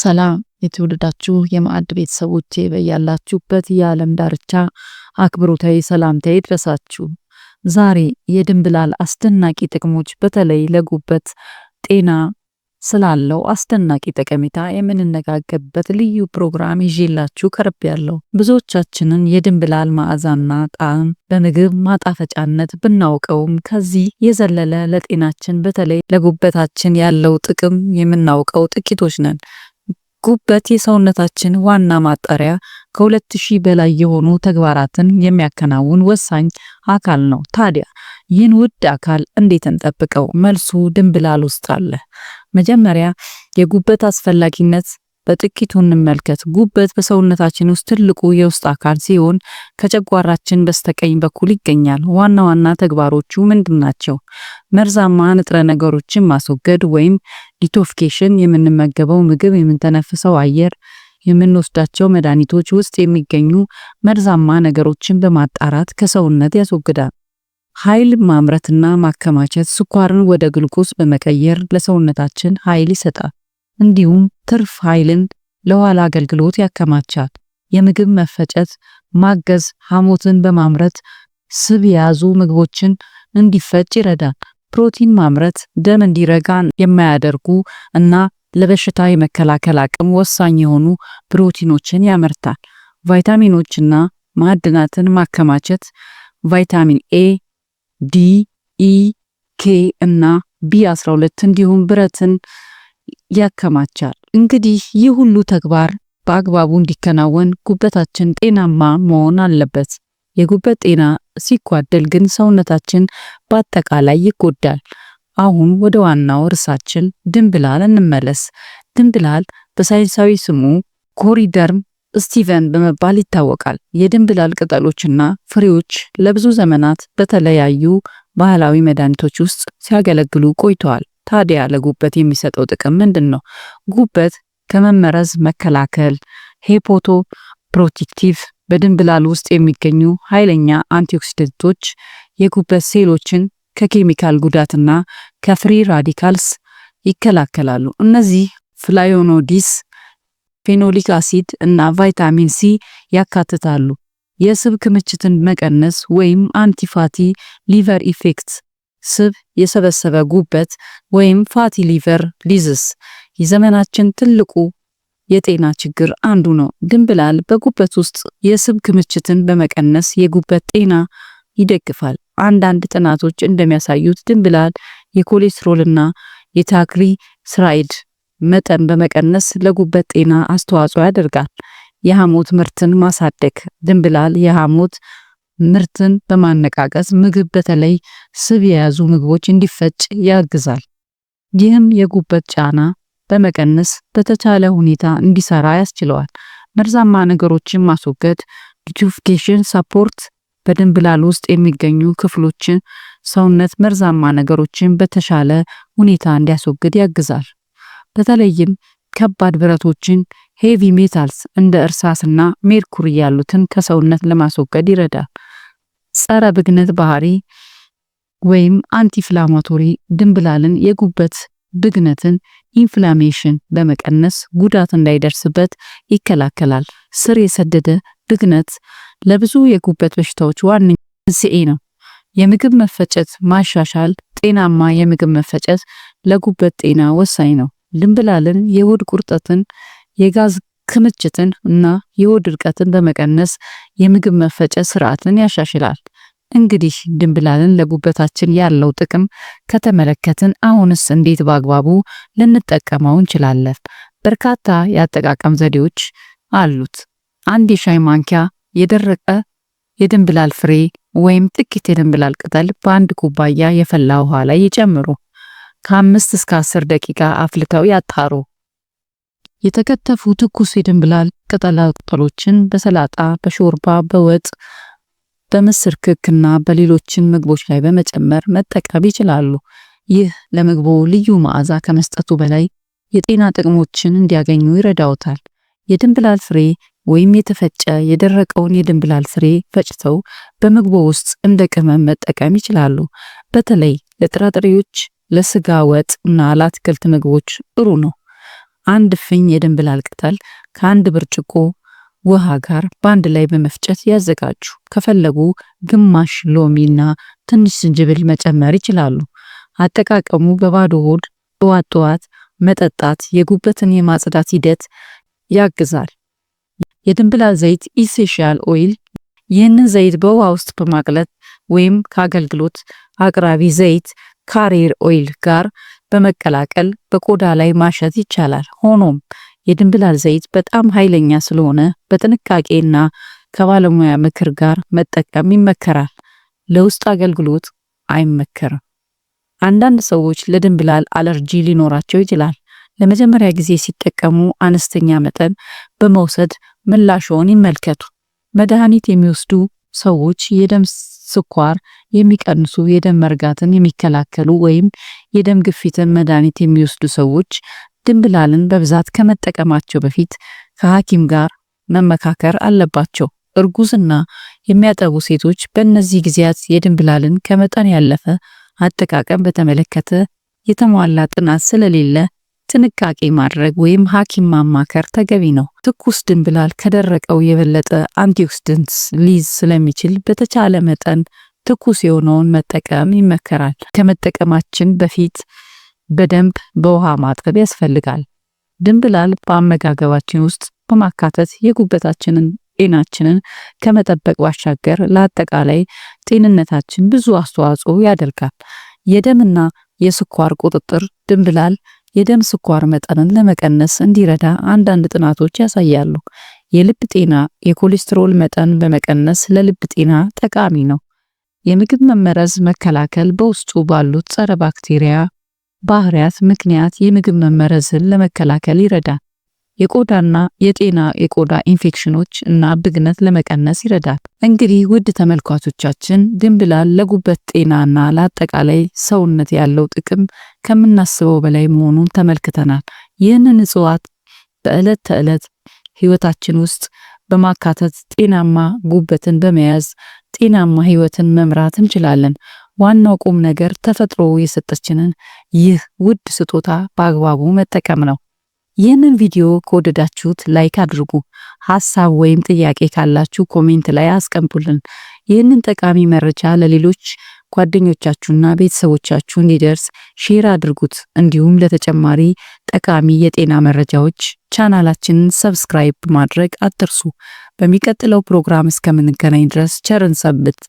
ሰላም የተወደዳችሁ የማዕድ ቤተሰቦቼ በያላችሁበት የዓለም ዳርቻ አክብሮታዊ ሰላም ይድረሳችሁ። ዛሬ የድንብላል አስደናቂ ጥቅሞች በተለይ ለጉበት ጤና ስላለው አስደናቂ ጠቀሜታ የምንነጋገርበት ልዩ ፕሮግራም ይዤላችሁ ያለው ብዙዎቻችንን የድንብላል መዓዛና ጣዕም በምግብ ማጣፈጫነት ብናውቀውም ከዚህ የዘለለ ለጤናችን በተለይ ለጉበታችን ያለው ጥቅም የምናውቀው ጥቂቶች ነን። ጉበት የሰውነታችን ዋና ማጣሪያ ከ 2000 በላይ የሆኑ ተግባራትን የሚያከናውን ወሳኝ አካል ነው። ታዲያ ይህን ውድ አካል እንዴት እንጠብቀው? መልሱ ድንብላል ውስጥ አለ። መጀመሪያ የጉበት አስፈላጊነት በጥቂቱ እንመልከት። ጉበት በሰውነታችን ውስጥ ትልቁ የውስጥ አካል ሲሆን ከጨጓራችን በስተቀኝ በኩል ይገኛል። ዋና ዋና ተግባሮቹ ምንድን ናቸው? መርዛማ ንጥረ ነገሮችን ማስወገድ ወይም ዲቶፊኬሽን፣ የምንመገበው ምግብ፣ የምንተነፍሰው አየር፣ የምንወስዳቸው መድኃኒቶች ውስጥ የሚገኙ መርዛማ ነገሮችን በማጣራት ከሰውነት ያስወግዳል። ኃይል ማምረትና ማከማቸት፣ ስኳርን ወደ ግልኮስ በመቀየር ለሰውነታችን ኃይል ይሰጣል። እንዲሁም ትርፍ ኃይልን ለኋላ አገልግሎት ያከማቻል። የምግብ መፈጨት ማገዝ ሐሞትን በማምረት ስብ የያዙ ምግቦችን እንዲፈጭ ይረዳል። ፕሮቲን ማምረት ደም እንዲረጋ የማያደርጉ እና ለበሽታ የመከላከል አቅም ወሳኝ የሆኑ ፕሮቲኖችን ያመርታል። ቫይታሚኖችና ማዕድናትን ማከማቸት ቫይታሚን ኤ፣ ዲ፣ ኢ፣ ኬ እና ቢ12 እንዲሁም ብረትን ያከማቻል። እንግዲህ ይህ ሁሉ ተግባር በአግባቡ እንዲከናወን ጉበታችን ጤናማ መሆን አለበት። የጉበት ጤና ሲጓደል ግን ሰውነታችን በአጠቃላይ ይጎዳል። አሁን ወደ ዋናው ርዕሳችን ድንብላል እንመለስ። ድንብላል በሳይንሳዊ ስሙ ኮሪደርም ስቲቨን በመባል ይታወቃል። የድንብላል ቅጠሎችና ፍሬዎች ለብዙ ዘመናት በተለያዩ ባህላዊ መድኃኒቶች ውስጥ ሲያገለግሉ ቆይተዋል። ታዲያ ለጉበት የሚሰጠው ጥቅም ምንድን ነው? ጉበት ከመመረዝ መከላከል፣ ሄፖቶ ፕሮቴክቲቭ በድንብላል ውስጥ የሚገኙ ኃይለኛ አንቲኦክሲደንቶች የጉበት ሴሎችን ከኬሚካል ጉዳትና ከፍሪ ራዲካልስ ይከላከላሉ። እነዚህ ፍላዮኖዲስ፣ ፌኖሊክ አሲድ እና ቫይታሚን ሲ ያካትታሉ። የስብ ክምችትን መቀነስ ወይም አንቲፋቲ ሊቨር ኢፌክት ስብ የሰበሰበ ጉበት ወይም ፋቲ ሊቨር ሊዝስ የዘመናችን ትልቁ የጤና ችግር አንዱ ነው። ድንብላል በጉበት ውስጥ የስብ ክምችትን በመቀነስ የጉበት ጤና ይደግፋል። አንዳንድ ጥናቶች እንደሚያሳዩት ድንብላል የኮሌስትሮልና ስራይድ መጠን በመቀነስ ለጉበት ጤና አስተዋጽኦ ያደርጋል። የሐሞት ምርትን ማሳደግ ድንብላል የሐሞት ምርትን በማነቃቀስ ምግብ በተለይ ስብ የያዙ ምግቦች እንዲፈጭ ያግዛል። ይህም የጉበት ጫና በመቀነስ በተቻለ ሁኔታ እንዲሰራ ያስችለዋል። መርዛማ ነገሮችን ማስወገድ ጁፊኬሽን ሰፖርት በድንብላል ውስጥ የሚገኙ ክፍሎችን ሰውነት መርዛማ ነገሮችን በተሻለ ሁኔታ እንዲያስወግድ ያግዛል። በተለይም ከባድ ብረቶችን ሄቪ ሜታልስ እንደ እርሳስና ሜርኩሪ ያሉትን ከሰውነት ለማስወገድ ይረዳል። ጸረ ብግነት ባህሪ ወይም አንቲፍላማቶሪ ድንብላልን የጉበት ብግነትን ኢንፍላሜሽን በመቀነስ ጉዳት እንዳይደርስበት ይከላከላል። ስር የሰደደ ብግነት ለብዙ የጉበት በሽታዎች ዋነኛ መንስኤ ነው። የምግብ መፈጨት ማሻሻል ጤናማ የምግብ መፈጨት ለጉበት ጤና ወሳኝ ነው። ድንብላልን የሆድ ቁርጠትን፣ የጋዝ ክምችትን እና የሆድ ድርቀትን በመቀነስ የምግብ መፈጨት ስርዓትን ያሻሽላል። እንግዲህ ድንብላልን ለጉበታችን ያለው ጥቅም ከተመለከትን አሁንስ እንዴት በአግባቡ ልንጠቀመው እንችላለን? በርካታ የአጠቃቀም ዘዴዎች አሉት። አንድ የሻይ ማንኪያ የደረቀ የድንብላል ፍሬ ወይም ጥቂት የድንብላል ቅጠል በአንድ ኩባያ የፈላ ውሃ ላይ ይጨምሩ። ከአምስት እስከ አስር ደቂቃ አፍልተው ያጣሩ። የተከተፉ ትኩስ የድንብላል ቅጠላ ቅጠሎችን በሰላጣ፣ በሾርባ፣ በወጥ፣ በምስር ክክና በሌሎችን ምግቦች ላይ በመጨመር መጠቀም ይችላሉ። ይህ ለምግቦ ልዩ መዓዛ ከመስጠቱ በላይ የጤና ጥቅሞችን እንዲያገኙ ይረዳውታል። የድንብላል ፍሬ ወይም የተፈጨ የደረቀውን የድንብላል ፍሬ ፈጭተው በምግቦ ውስጥ እንደ ቅመም መጠቀም ይችላሉ። በተለይ ለጥራጥሬዎች፣ ለስጋ ወጥ እና ለአትክልት ምግቦች ጥሩ ነው። አንድ ፍኝ የድንብላል ቅጠል ከአንድ ብርጭቆ ውሃ ጋር በአንድ ላይ በመፍጨት ያዘጋጁ። ከፈለጉ ግማሽ ሎሚና ትንሽ ዝንጅብል መጨመር ይችላሉ። አጠቃቀሙ በባዶ ሆድ ጠዋት ጠዋት መጠጣት የጉበትን የማጽዳት ሂደት ያግዛል። የድንብላል ዘይት ኢሴሽያል ኦይል ይህንን ዘይት በውሃ ውስጥ በማቅለጥ ወይም ከአገልግሎት አቅራቢ ዘይት ካሬር ኦይል ጋር በመቀላቀል በቆዳ ላይ ማሸት ይቻላል። ሆኖም የድንብላል ዘይት በጣም ኃይለኛ ስለሆነ በጥንቃቄና ከባለሙያ ምክር ጋር መጠቀም ይመከራል። ለውስጥ አገልግሎት አይመከርም። አንዳንድ ሰዎች ለድንብላል አለርጂ ሊኖራቸው ይችላል። ለመጀመሪያ ጊዜ ሲጠቀሙ አነስተኛ መጠን በመውሰድ ምላሽዎን ይመልከቱ። መድኃኒት የሚወስዱ ሰዎች የደም ስኳር የሚቀንሱ፣ የደም መርጋትን የሚከላከሉ ወይም የደም ግፊትን መድኃኒት የሚወስዱ ሰዎች ድንብላልን በብዛት ከመጠቀማቸው በፊት ከሐኪም ጋር መመካከር አለባቸው። እርጉዝና የሚያጠቡ ሴቶች በእነዚህ ጊዜያት የድንብላልን ከመጠን ያለፈ አጠቃቀም በተመለከተ የተሟላ ጥናት ስለሌለ ጥንቃቄ ማድረግ ወይም ሐኪም ማማከር ተገቢ ነው። ትኩስ ድንብላል ከደረቀው የበለጠ አንቲኦክሲደንትስ ሊይዝ ስለሚችል በተቻለ መጠን ትኩስ የሆነውን መጠቀም ይመከራል። ከመጠቀማችን በፊት በደንብ በውሃ ማጠብ ያስፈልጋል። ድንብላል በአመጋገባችን ውስጥ በማካተት የጉበታችንን ጤናችንን ከመጠበቅ ባሻገር ለአጠቃላይ ጤንነታችን ብዙ አስተዋጽኦ ያደርጋል። የደምና የስኳር ቁጥጥር ድንብላል የደም ስኳር መጠንን ለመቀነስ እንዲረዳ አንዳንድ ጥናቶች ያሳያሉ። የልብ ጤና የኮሌስትሮል መጠን በመቀነስ ለልብ ጤና ጠቃሚ ነው። የምግብ መመረዝ መከላከል በውስጡ ባሉት ጸረ ባክቴሪያ ባህሪያት ምክንያት የምግብ መመረዝን ለመከላከል ይረዳል። የቆዳና የጤና የቆዳ ኢንፌክሽኖች እና ብግነት ለመቀነስ ይረዳል። እንግዲህ ውድ ተመልካቾቻችን ድንብላል ለጉበት ጤናና ለአጠቃላይ ሰውነት ያለው ጥቅም ከምናስበው በላይ መሆኑን ተመልክተናል። ይህንን እጽዋት በዕለት ተዕለት ህይወታችን ውስጥ በማካተት ጤናማ ጉበትን በመያዝ ጤናማ ህይወትን መምራት እንችላለን። ዋናው ቁም ነገር ተፈጥሮ የሰጠችንን ይህ ውድ ስጦታ በአግባቡ መጠቀም ነው። ይህንን ቪዲዮ ከወደዳችሁት ላይክ አድርጉ። ሀሳብ ወይም ጥያቄ ካላችሁ ኮሜንት ላይ አስቀምጡልን። ይህንን ጠቃሚ መረጃ ለሌሎች ጓደኞቻችሁና ቤተሰቦቻችሁ እንዲደርስ ሼር አድርጉት። እንዲሁም ለተጨማሪ ጠቃሚ የጤና መረጃዎች ቻናላችንን ሰብስክራይብ ማድረግ አትርሱ። በሚቀጥለው ፕሮግራም እስከምንገናኝ ድረስ ቸርን ሰንብት።